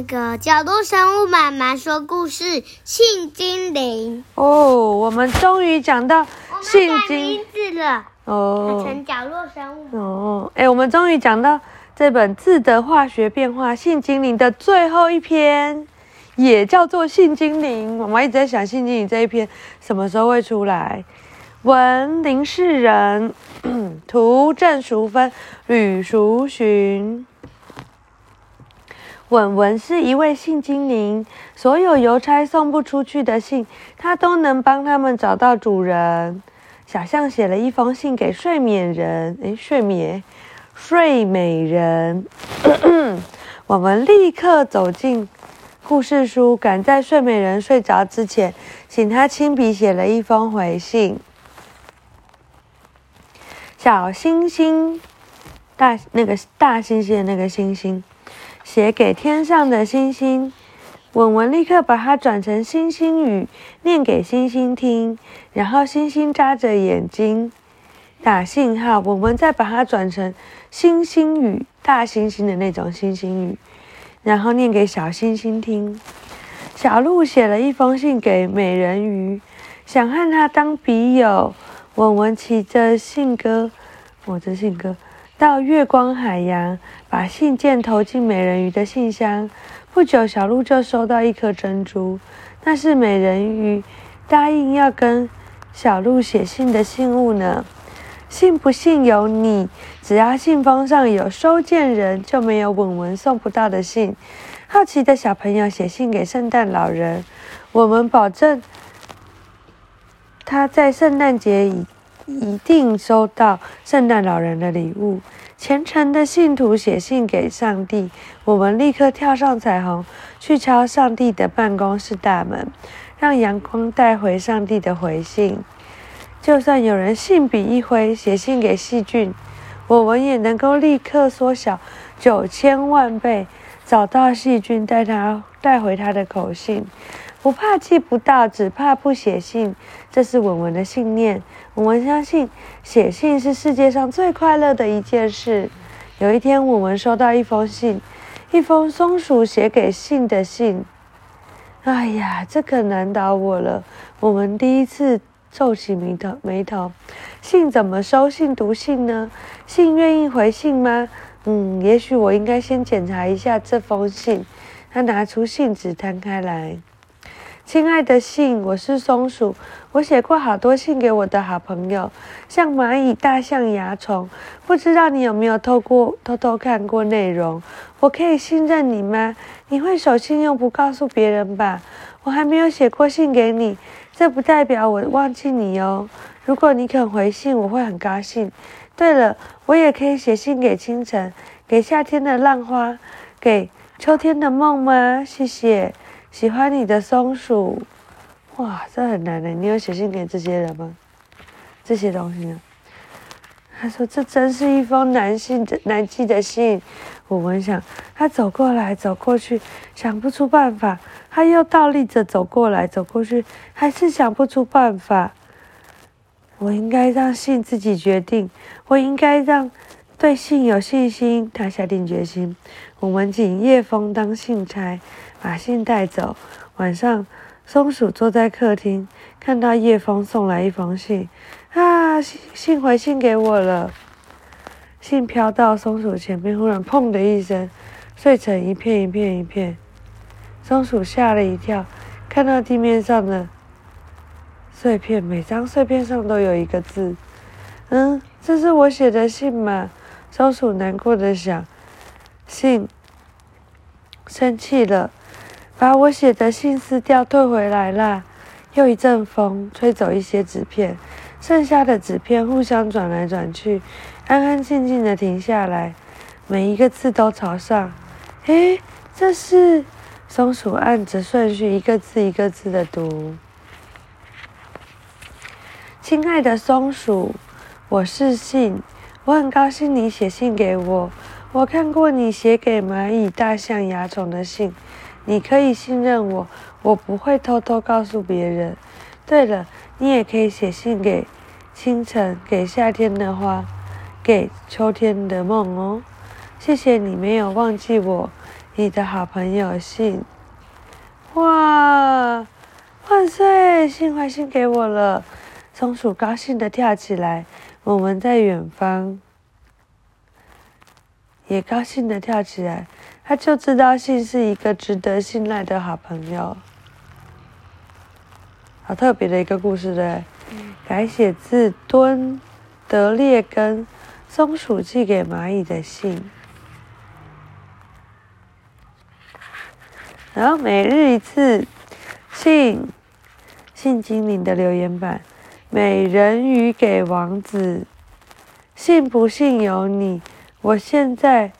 那個角落生物媽媽說故事《信精靈》哦，oh, 我們終於講到《信精靈》字了哦，成角落生物哦，哎，我們終於講到這本《字的化學變化信精靈》的最後一篇，也叫做《信精靈》。我們一直在想《信精靈》這一篇什麼時候會出來。文林世仁，嗯，圖鄭淑芬，呂淑恂文文是一位信精靈，所有郵差送不出去的信，他都能幫他們找到主人。小象寫了一封信給睡美人，哎，睡眠，睡美人。 文文立刻走進故事書，趕在睡美人睡着之前，請他親筆寫了一封回信。小星星，大那個大星星的那個星星。寫給天上的星星，文文立刻把它轉成星星語，念給星星聽。然後星星眨着眼睛，打信號。文文再把它轉成星星語，大星星的那種星星語，然後念給小星星聽。小鹿寫了一封信給美人魚，想和他當筆友。文文騎着信鴿，我、哦、的信鴿。到月光海洋，把信件投進美人魚的信箱。不久，小鹿就收到一顆珍珠，那是美人魚答應要跟小鹿寫信的信物呢。信不信由你，只要信封上有收件人，就沒有我們送不到的信。好奇的小朋友寫信給聖誕老人，我們保證他在聖誕節一定收到聖誕老人的禮物。虔誠的信徒寫信給上帝，我們立刻跳上彩虹，去敲上帝的辦公室大門，讓陽光帶回上帝的回信。就算有人信筆一揮寫信給細菌，我們也能夠立刻縮小九千萬倍，找到細菌帶他帶回他的口信。不怕寄不到，只怕不寫信。這是文文的信念。文文相信，寫信是世界上最快樂的一件事。有一天，文文收到一封信，一封松鼠寫給信的信。哎呀，這可難倒我了。文文第一次皺起眉頭，眉頭。信怎麼收？信讀信呢？信願意回信嗎？嗯，也許我應該先檢查一下這封信。他拿出信紙，攤開來。親愛的信，我是松鼠，我寫過好多信給我的好朋友，像螞蟻、大象、蚜蟲，不知道你有沒有偷過偷偷看過內容？我可以信任你嗎？你會守信用不告訴別人吧？我還沒有寫過信給你，這不代表我忘記你哦。如果你肯回信，我會很高興。對了，我也可以寫信給清晨，給夏天的浪花，給秋天的夢嗎？謝謝。喜歡你的松鼠，哇，這很難呢。你有寫信給這些人嗎？這些東西呢？他說：“這真是一封難信、難寄的信。”我們想，他走過來，走過去，想不出辦法；他又倒立着走過來，走過去，還是想不出辦法。我應該讓信自己決定。我應該讓。對信有信心，他下定決心。我們請葉峰當信差，把信帶走。晚上，松鼠坐在客廳，看到葉峰送來一封信，啊，信信回信給我了。信飄到松鼠前面，忽然砰的一聲，碎成一片一片一片。松鼠嚇了一跳，看到地面上的碎片，每張碎片上都有一個字。嗯，這是我寫的信嗎？松鼠難過的想：“信生氣了，把我寫的信撕掉，退回來啦。”又一陣風吹走一些紙片，剩下的紙片互相轉來轉去，安安靜靜的停下來，每一個字都朝上。哎，這是松鼠按着順序一個字一個字的讀：“親愛的松鼠，我是信。”我很高興你寫信給我，我看過你寫給螞蟻、大象、蚜蟲的信，你可以信任我，我不會偷偷告訴別人。對了，你也可以寫信給清晨、給夏天的花、給秋天的夢哦。謝謝你沒有忘記我，你的好朋友信。哇，萬歲！信還信給我了。松鼠高興地跳起來，我們在遠方，也高興地跳起來。它就知道信是一個值得信賴的好朋友。好特別的一個故事，對？嗯、改寫自敦德列根，松鼠寄給螞蟻的信。然後每日一次，信，信精靈的留言板。美人魚給王子，信不信由你。我現在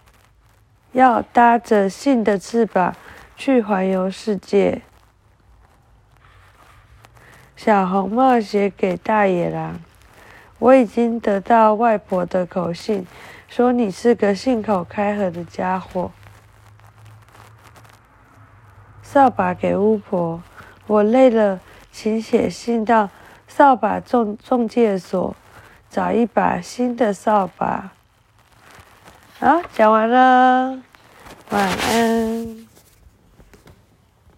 要搭着信的翅膀去環遊世界。小紅帽寫給大野狼，我已經得到外婆的口信，說你是個信口開河的家伙。掃把給巫婆，我累了，請寫信到。掃把仲仲介所，找一把新的掃把。好，講完了，晚安。